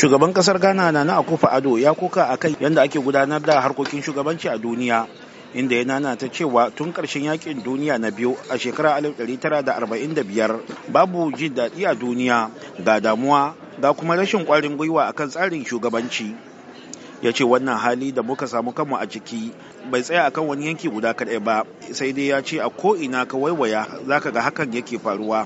shugaban kasar ghana na na akufa ado ya kuka a kai yadda ake gudanar da harkokin shugabanci a duniya inda ya nana ta cewa tun karshen yakin duniya na biyu a shekarar 1945 babu jin daɗi a duniya ga damuwa ga kuma rashin ƙwarin gwiwa akan tsarin shugabanci ya ce wannan hali da muka samu kanmu a ciki bai tsaya akan wani yanki guda kaɗai ba sai dai ya ce a ko'ina ka waiwaya ka ga hakan yake faruwa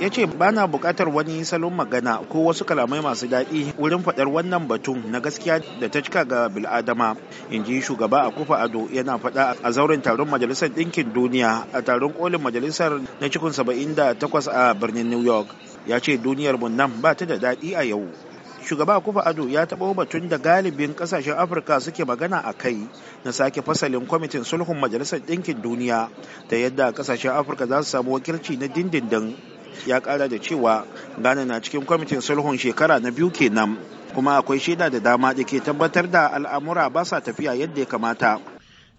ya ce ba na buƙatar wani salon magana ko wasu kalamai masu daɗi wurin faɗar wannan batun na gaskiya da ta cika ga bil'adama in ji shugaba a kufa ado yana faɗa a zauren taron majalisar ɗinkin duniya a taron kolin majalisar na cikin saba'in da takwas a birnin new york ya ce duniyar mu nan ba ta da daɗi a yau shugaba kufa ado ya taɓa batun da galibin ƙasashen afirka suke magana a kai na sake fasalin kwamitin sulhun majalisar ɗinkin duniya ta yadda ƙasashen afirka za su samu wakilci na dindindin ya kara da cewa ghana na cikin kwamitin sulhun shekara na biyu kenan kuma akwai shaida da dama da ke tabbatar da al'amura ba sa tafiya yadda ya kamata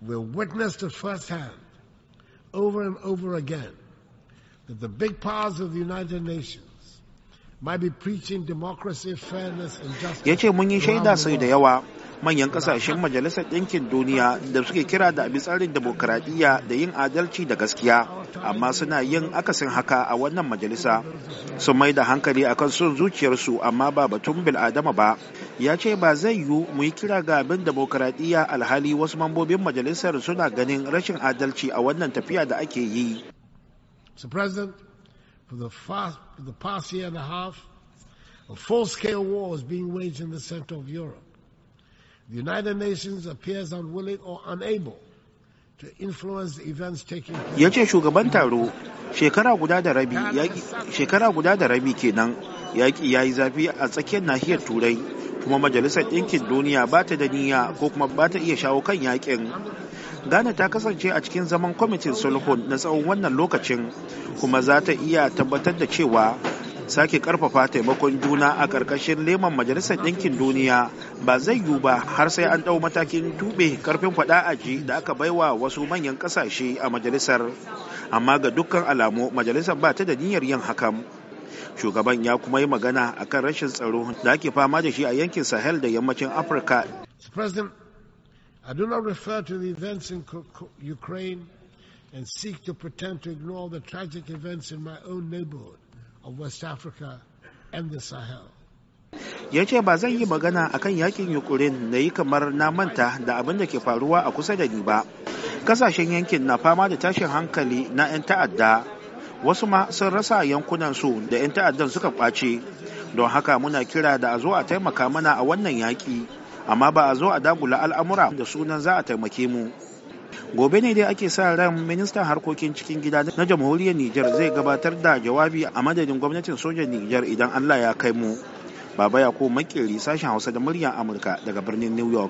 we witnessed at first hand over and over again that the big powers of the united nations ya ce mun yi shaida sai da yawa manyan kasashen majalisar ɗinkin duniya da suke kira da abin tsarin demokaradiyya da yin adalci da gaskiya amma suna yin akasin haka a wannan majalisa su mai da hankali akan son zuciyarsu amma ba batun bil'adama ba ya ce ba zai yiwu mu yi kira ga abin demokaradiyya alhali wasu mambobin majalisar suna ganin rashin adalci a wannan tafiya da ake yi. For the, for the past year and a half, a full-scale war is being waged in the center of Europe. The United Nations appears unwilling or unable to influence the events taking place. Ya ce shugaban taro shekara guda da rabi shekara guda da rabi kenan ya yi zafi a tsakiyar nahiyar turai kuma majalisar ɗinkin duniya ba ta da niyya ko kuma ba ta iya shawo kan ghana ta kasance a cikin zaman kwamitin sulhun na tsawon wannan lokacin kuma za ta iya tabbatar da cewa sake karfafa taimakon juna a karkashin leman majalisar ɗinkin duniya ba zai yiwu ba har sai an ɗau matakin tube karfin faɗa aji da aka baiwa wasu manyan ƙasashe a majalisar amma ga dukkan alamu majalisar ba ta da niyyar yin hakan shugaban ya kuma yi magana akan rashin tsaro da ake fama da shi a yankin sahel da yammacin afirka I do not refer to the events in Ukraine and seek to pretend to ignore the tragic events in my own neighborhood of West Africa and the Sahel. ya ce ba zan yi magana akan yakin yukurin na yi kamar na manta da abin da ke faruwa a kusa da ni ba kasashen yankin na fama da tashin hankali na 'yan ta'adda wasu ma sun rasa yankunan su da 'yan ta'addan suka kwace don haka muna kira da a zo a taimaka mana a wannan yaki amma ba a zo a dagula al'amura da sunan za a taimake mu gobe ne dai ake sa ran ministan harkokin cikin gida na jamhuriyar nijar zai gabatar da jawabi a madadin gwamnatin sojan nijar idan allah ya kai mu baba yakubu ko makeri sashen hausa da muryar amurka daga birnin new york